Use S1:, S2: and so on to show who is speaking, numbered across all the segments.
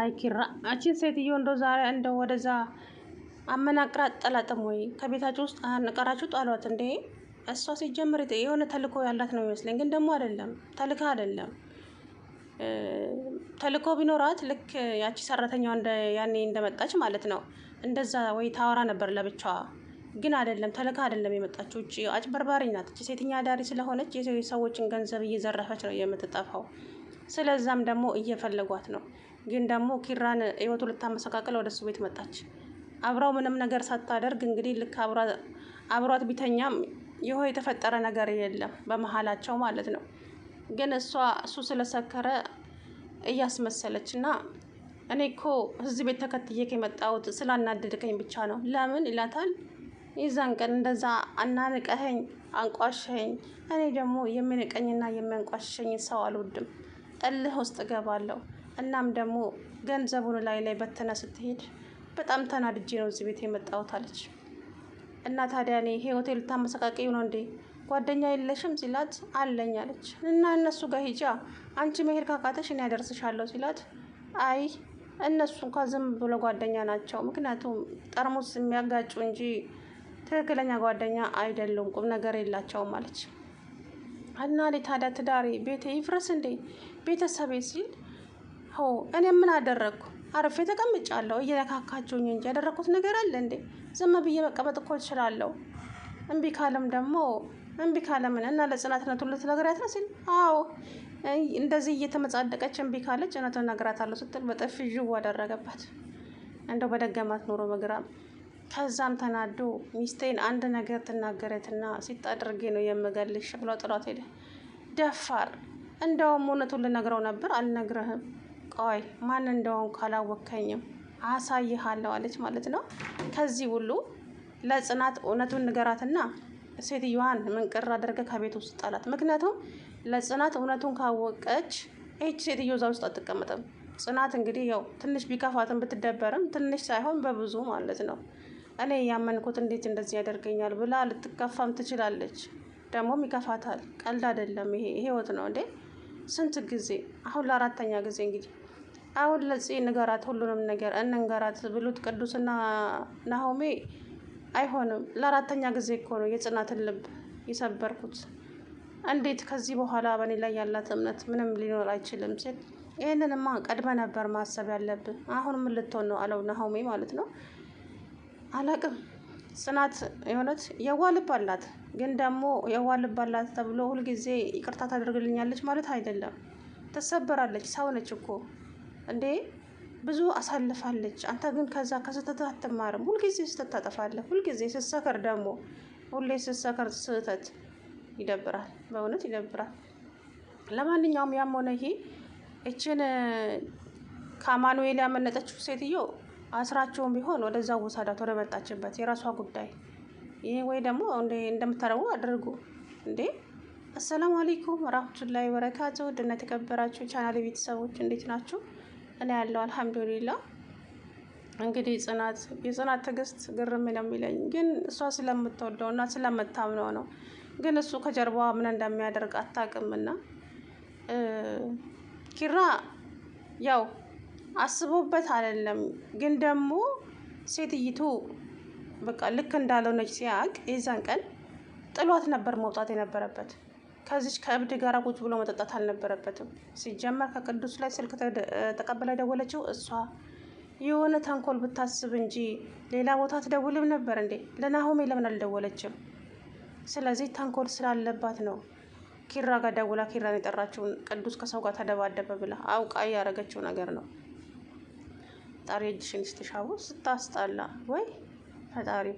S1: አይ ኪራ አችን ሴትዮ እንደው ዛሬ እንደው ወደዛ አመናቅራ ጠላጥም ወይ ከቤታችሁ ውስጥ አንቀራችሁ ጣሏት እንዴ? እሷ ሲጀምር የሆነ ተልኮ ያላት ነው ይመስለኝ፣ ግን ደግሞ አይደለም ተልካ አይደለም ተልኮ ቢኖራት ልክ ያቺ እንደ ያኔ እንደመጣች ማለት ነው እንደዛ ወይ ታወራ ነበር ለብቻዋ። ግን አይደለም ተልካ አይደለም የመጣችው፣ እጭ አጭበርባሪ ናት። እቺ ሴትኛ አዳሪ ስለሆነች የሰዎችን ገንዘብ እየዘረፈች ነው የምትጠፋው። ስለዛም ደግሞ እየፈለጓት ነው። ግን ደግሞ ኪራን ህይወቱ ልታመሰቃቅል ወደ እሱ ቤት መጣች። አብራው ምንም ነገር ሳታደርግ እንግዲህ ልክ አብሯት ቢተኛም ይሆ የተፈጠረ ነገር የለም በመሀላቸው ማለት ነው። ግን እሷ እሱ ስለሰከረ እያስመሰለች እና እኔ እኮ እዚህ ቤት ተከትዬ ከመጣሁት ስላናደድከኝ ብቻ ነው ለምን ይላታል። ይዛን ቀን እንደዛ አናንቀኸኝ፣ አንቋሸኝ። እኔ ደግሞ የሚንቀኝና የሚያንቋሸኝ ሰው አልወድም፣ እልህ ውስጥ እገባለሁ። እናም ደግሞ ገንዘቡን ላይ ላይ በተና ስትሄድ በጣም ተናድጄ ነው እዚህ ቤት የመጣሁት አለች። እና ታዲያ እኔ ሆቴል ልታመሰቃቂው ነው እንዴ? ጓደኛ የለሽም ሲላት አለኝ አለች። እና እነሱ ጋር ሂጃ አንቺ መሄድ ካቃተሽ እኔ ያደርስሻለሁ ሲላት አይ እነሱ እንኳ ዝም ብሎ ጓደኛ ናቸው። ምክንያቱም ጠርሙስ የሚያጋጩ እንጂ ትክክለኛ ጓደኛ አይደሉም፣ ቁም ነገር የላቸውም አለች። እና ታዲያ ትዳሬ ቤቴ ይፍረስ እንዴ ቤተሰቤ ሲል ሆ እኔ ምን አደረግኩ? አርፌ ተቀምጫለሁ። እየለካካችሁኝ እንጂ ያደረግኩት ነገር አለ እንዴ? ዝም ብዬ መቀመጥ እኮ እችላለሁ። እምቢ ካለም ደግሞ እምቢ ካለምን እና ለጽናት እውነቱን ልትነግሪያት ነው ሲል፣ አዎ እንደዚህ እየተመጻደቀች እምቢ ካለች እውነቱን እነግራታለሁ ስትል በጥፊ ዥው አደረገባት። እንደው በደገማት ኖሮ በግራም ከዛም ተናዶ ሚስቴን አንድ ነገር ትናገረትና ሲጥ ነው የምገልሽ ብሎ ጥሏት ሄደ። ደፋር! እንደውም እውነቱን ልነግረው ነበር አልነግረህም ቆይ ማን እንደሆንኩ አላወከኝም አሳይሃለሁ አለች ማለት ነው። ከዚህ ሁሉ ለጽናት እውነቱን ንገራትና ሴትዮዋን ምንቅር አድርገ ከቤት ውስጥ ጣላት። ምክንያቱም ለጽናት እውነቱን ካወቀች ይች ሴትዮ እዛ ውስጥ አትቀመጥም። ጽናት እንግዲህ ያው ትንሽ ቢከፋትን ብትደበርም ትንሽ ሳይሆን በብዙ ማለት ነው። እኔ ያመንኩት እንዴት እንደዚህ ያደርገኛል ብላ ልትከፋም ትችላለች። ደግሞም ይከፋታል። ቀልድ አይደለም ይሄ ህይወት ነው እንዴ! ስንት ጊዜ አሁን ለአራተኛ ጊዜ እንግዲህ አሁን ለጽ ንገራት ሁሉንም ነገር እንንገራት ብሉት ቅዱስና ናሆሜ አይሆንም። ለአራተኛ ጊዜ እኮ ነው የጽናትን ልብ የሰበርኩት። እንዴት ከዚህ በኋላ በእኔ ላይ ያላት እምነት ምንም ሊኖር አይችልም ሲል ይህንንማ ቀድመ ነበር ማሰብ ያለብን። አሁን ምን ልትሆን ነው አለው ናሆሜ ማለት ነው። አላቅም ጽናት የሆነት የዋ ልብ አላት፣ ግን ደግሞ የዋ ልብ አላት ተብሎ ሁልጊዜ ይቅርታ ታደርግልኛለች ማለት አይደለም። ትሰበራለች። ሰው ነች እኮ እንዴ ብዙ አሳልፋለች። አንተ ግን ከዛ ከስህተት አትማርም። ሁልጊዜ ስህተት ታጠፋለህ። ሁልጊዜ ስትሰክር ደግሞ ሁሌ ስትሰክር ስህተት ይደብራል። በእውነት ይደብራል። ለማንኛውም ያም ሆነ ይሄ እችን ከአማኑኤል ያመነጠችው ሴትዮ አስራቸውን ቢሆን ወደዛ ወሳዳት ወደ መጣችበት የራሷ ጉዳይ። ይህ ወይ ደግሞ እንደምታደርጉ አድርጉ እንዴ። አሰላሙ አሌይኩም ወራህመቱላሂ ወበረካቱ ድነት የተከበራችሁ ቻናል ቤተሰቦች እንዴት ናችሁ? እኔ ያለው አልሐምዱሊላ። እንግዲህ ጽናት የጽናት ትዕግስት ግርም ነው የሚለኝ፣ ግን እሷ ስለምትወደው እና ስለምታምነው ነው። ግን እሱ ከጀርባዋ ምን እንደሚያደርግ አታውቅምና ኪራ ያው አስቦበት አይደለም፣ ግን ደግሞ ሴትይቱ በቃ ልክ እንዳልሆነች ሲያውቅ የዛን ቀን ጥሏት ነበር መውጣት የነበረበት። ከዚች ከእብድ ጋር ቁጭ ብሎ መጠጣት አልነበረበትም። ሲጀመር ከቅዱስ ላይ ስልክ ተቀብላ የደወለችው እሷ የሆነ ተንኮል ብታስብ እንጂ ሌላ ቦታ ትደውልም ነበር እንዴ? ለናሆሜ ለምን አልደወለችም? ስለዚህ ተንኮል ስላለባት ነው ኪራ ጋር ደውላ ኪራን የጠራችውን ቅዱስ ከሰው ጋር ተደባደበ ብላ አውቃ ያደረገችው ነገር ነው። ጣሪ እጅሽን ስትሻቡ ስታስጣላ ወይ ፈጣሪ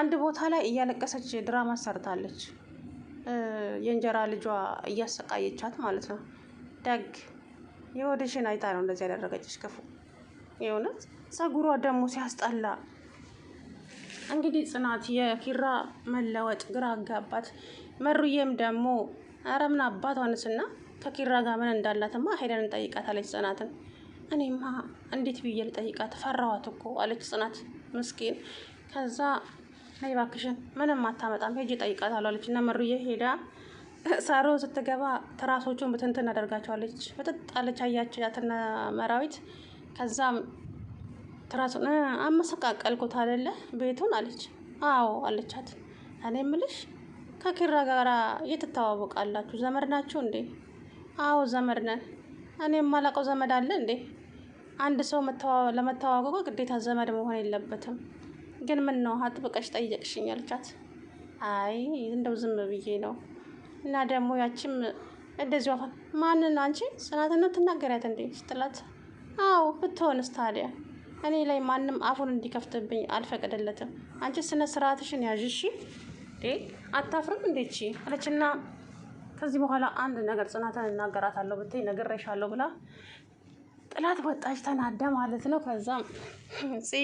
S1: አንድ ቦታ ላይ እያለቀሰች ድራማ ሰርታለች። የእንጀራ ልጇ እያሰቃየቻት ማለት ነው። ደግ የወደሽን አይታ ነው እንደዚህ ያደረገችሽ ክፉ። የእውነት ጸጉሯ ደግሞ ሲያስጠላ። እንግዲህ ጽናት የኪራ መለወጥ ግራ አጋባት። መሩዬም ደግሞ ኧረ ምን አባቷንስና ከኪራ ጋር ምን እንዳላትማ ሄደን እንጠይቃታለች ጽናትን። እኔማ እንዴት ብዬ ልጠይቃት ፈራዋት እኮ አለች ጽናት ምስኪን። ከዛ ነይ እባክሽን ምንም አታመጣም ሄጅ ጠይቃታለሁ እና መሩዬ ሄዳ ሳሮ ስትገባ ትራሶቹን ብትንትን አደርጋቸዋለች። በጥጥ አለች ያትና መራዊት። ከዛም ትራሱን አመሰቃቀልኩት አደለ ቤቱን አለች። አዎ አለቻት። እኔ ምልሽ ከኪራ ጋር የትተዋወቃላችሁ ዘመድ ናችሁ እንዴ? አዎ ዘመድ ነን። እኔ የማላውቀው ዘመድ አለ እንዴ? አንድ ሰው ለመተዋወቁ ግዴታ ዘመድ መሆን የለበትም። ግን ምን ነው አጥብቀሽ ጠየቅሽኝ? አለቻት። አይ እንደው ዝም ብዬ ነው እና ደግሞ ያችም እንደዚሁ ማንን አንቺ ጽናትን ነው ትናገሪያት እንዴ ስትላት፣ አዎ ብትሆንስ ታዲያ እኔ ላይ ማንም አፉን እንዲከፍትብኝ አልፈቀደለትም። አንቺ ስነ ስርዓትሽን ያዥሺ አታፍርም እንዴቺ አለችና ከዚህ በኋላ አንድ ነገር ጽናትን እናገራታለሁ ብትይ ነግሬሻለሁ ብላ ጥላት ወጣች፣ ተናዳ ማለት ነው። ከዛም ፅ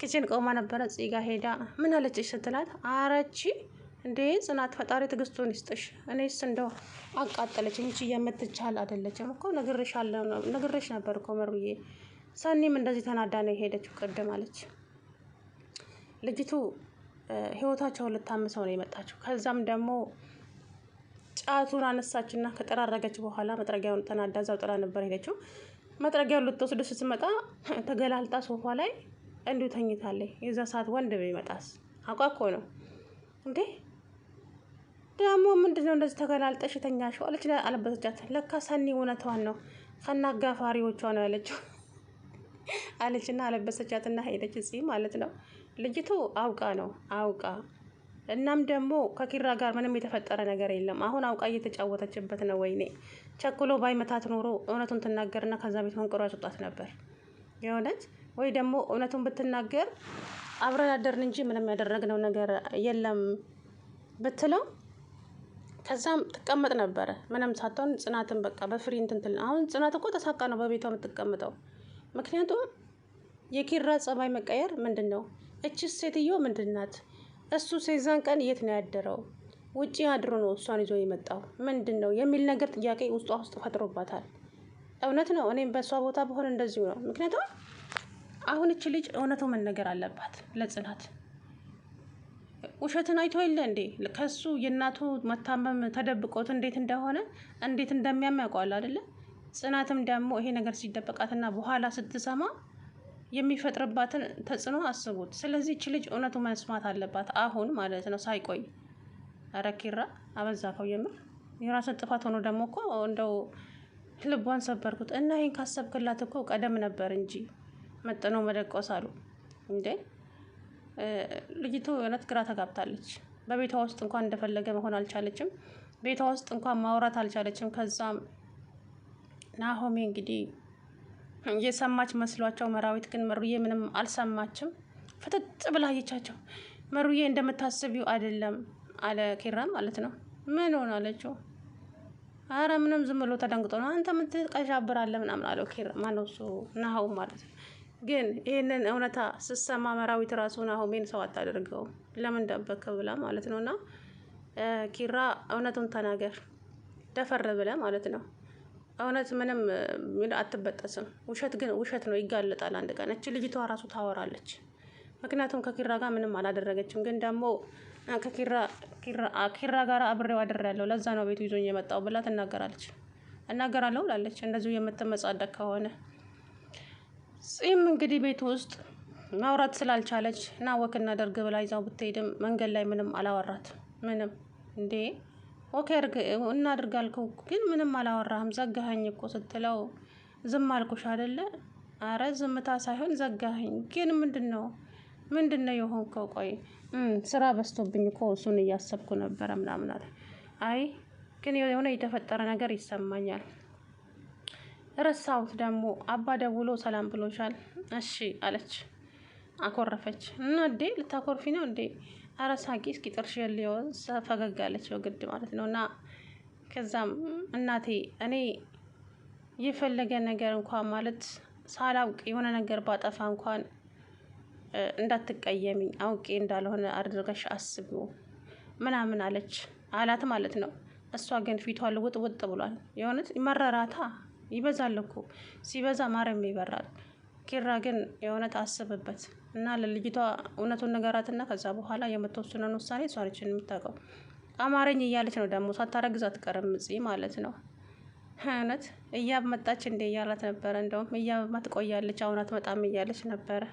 S1: ክችን ቆማ ነበረ። ፅ ጋ ሄዳ ምን አለችሽ ስትላት አረቺ እንዴ ጽናት ፈጣሪ ትግስቱን ይስጥሽ። እኔስ እንደው አቃጠለች እንጂ የምትቻል አይደለችም እኮ ነግሬሽ ነበር እኮ መሩዬ። ሰኒም እንደዚህ ተናዳ ነው የሄደችው ቅድም አለች። ልጅቱ ህይወታቸውን ልታምሰው ነው የመጣችው። ከዛም ደግሞ ጫቱን አነሳችና ከጠራረገች በኋላ መጥረጊያውን ተናዳ እዛው ጥላ ነበር ሄደችው። መጥረጊያውን ልትወስድ ስትመጣ ተገላልጣ ሶፋ ላይ እንዲሁ ተኝታለች። የዛ ሰዓት ወንድ ቢመጣስ አቋኮ ነው እንዴ ደግሞ ምንድነው እንደዚህ ተገላልጠሽ የተኛሽው አለች አለበሰቻት። ለካ ሰኒ እውነቷን ነው ከናጋፋሪዎቿ ነው ያለችው አለችና አለበሰቻትና ሄደች። እዚህ ማለት ነው ልጅቱ አውቃ ነው አውቃ። እናም ደግሞ ከኪራ ጋር ምንም የተፈጠረ ነገር የለም። አሁን አውቃ እየተጫወተችበት ነው። ወይኔ ቸኩሎ ባይመታት ኖሮ እውነቱን ትናገርና ከዛ ቤት መንቅሮ ያስወጣት ነበር የሆነች ወይ ደግሞ እውነቱን ብትናገር አብረን አደርን እንጂ ምንም ያደረግነው ነገር የለም ብትለው ከዛም ትቀመጥ ነበረ ምንም ሳትሆን ጽናትን በቃ በፍሪ እንትን ትል አሁን ጽናት እኮ ተሳካ ነው በቤቷ የምትቀምጠው። ምክንያቱም የኪራ ጸባይ መቀየር ምንድን ነው? እችስ ሴትዮ ምንድናት? እሱ ሴዛን ቀን የት ነው ያደረው? ውጪ አድሮ ነው እሷን ይዞ የመጣው ምንድን ነው የሚል ነገር ጥያቄ ውስጧ ውስጥ ፈጥሮባታል። እውነት ነው። እኔም በእሷ ቦታ በሆን እንደዚሁ ነው። ምክንያቱም አሁን እች ልጅ እውነቱ መነገር አለባት ለጽናት ውሸትን አይቶ የለ እንዴ? ከሱ የእናቱ መታመም ተደብቆት እንዴት እንደሆነ እንዴት እንደሚያም ያውቀዋል አይደለ? ጽናትም ደግሞ ይሄ ነገር ሲደበቃትና በኋላ ስትሰማ የሚፈጥርባትን ተጽዕኖ አስቡት። ስለዚህ እች ልጅ እውነቱ መስማት አለባት አሁን ማለት ነው፣ ሳይቆይ። ኧረ ኪራ አበዛከው የምር የራስን ጥፋት ሆኖ ደግሞ እኮ እንደው ልቧን ሰበርኩት እና ይህን ካሰብክላት እኮ ቀደም ነበር እንጂ መጠኖ መደቆስ አሉ እንዴ ልጅቱ እውነት ግራ ተጋብታለች። በቤቷ ውስጥ እንኳን እንደፈለገ መሆን አልቻለችም። ቤቷ ውስጥ እንኳን ማውራት አልቻለችም። ከዛም ናሆሚ እንግዲህ እየሰማች መስሏቸው መራዊት ግን መሩዬ ምንም አልሰማችም። ፍጥጥ ብላ አየቻቸው። መሩዬ እንደምታስቢው አይደለም አለ ኪራ ማለት ነው። ምን ሆን አለችው። አረ ምንም ዝም ብሎ ተደንግጦ ነው። አንተ ምን ምናምን አለው ኪራ ማነው እሱ ናሆም ማለት ነው። ግን ይህንን እውነታ ስሰማ መራዊት ራሱ ናሆሜን ሰው አታደርገውም። ለምን ደበከ ብላ ማለት ነው። እና ኪራ እውነቱን ተናገር ደፈር ብለ ማለት ነው። እውነት ምንም አትበጠስም። ውሸት ግን ውሸት ነው፣ ይጋለጣል አንድ ቀን። እች ልጅቷ ራሱ ታወራለች። ምክንያቱም ከኪራ ጋር ምንም አላደረገችም። ግን ደግሞ ከኪራ ጋር አብሬው ያለው ለዛ ነው ቤቱ ይዞኝ የመጣው ብላ ትናገራለች። እናገራለሁ ብላለች። እንደዚሁ የምትመጻደቅ ከሆነ ጺም እንግዲህ ቤት ውስጥ ማውራት ስላልቻለች እና ወክ እናደርግ ብላ ይዛው ብትሄድም መንገድ ላይ ምንም አላወራት። ምንም እንዴ ወክ እናድርግ አልከው ግን ምንም አላወራህም ዘጋኸኝ እኮ ስትለው ዝም አልኩሽ አደለ? አረ ዝምታ ሳይሆን ዘጋኸኝ። ግን ምንድን ነው ምንድን ነው የሆንከው? ቆይ ስራ በዝቶብኝ እኮ እሱን እያሰብኩ ነበረ ምናምን አለ። አይ ግን የሆነ የተፈጠረ ነገር ይሰማኛል ረሳሁት ደግሞ አባ ደውሎ ሰላም ብሎሻል እሺ አለች። አኮረፈች እና እንዴ ልታኮርፊ ነው እንዴ? ኧረ ሳቂ እስኪ ጥርሽ ሊሆን ፈገግ አለች በግድ ማለት ነው። እና ከዛም እናቴ እኔ የፈለገ ነገር እንኳን ማለት ሳላውቅ የሆነ ነገር ባጠፋ እንኳን እንዳትቀየሚኝ አውቄ እንዳልሆነ አድርገሽ አስቢው ምናምን አለች አላት ማለት ነው። እሷ ግን ፊቷ ልውጥ ውጥ ብሏል። የሆነት መረራታ ይበዛል እኮ ሲበዛ ማረም ይበራል። ኪራ ግን የእውነት አስብበት እና ለልጅቷ እውነቱን ነገራትና ከዛ በኋላ የምትወስነን ውሳኔ እሷ ነች የምታውቀው። አማረኝ እያለች ነው ደግሞ ሳታረግዝ አትቀርም እዚህ ማለት ነው። እውነት እያብ መጣች እንዴ እያላት ነበረ። እንደውም እያብማ ትቆያለች አሁን አትመጣም እያለች ነበረ።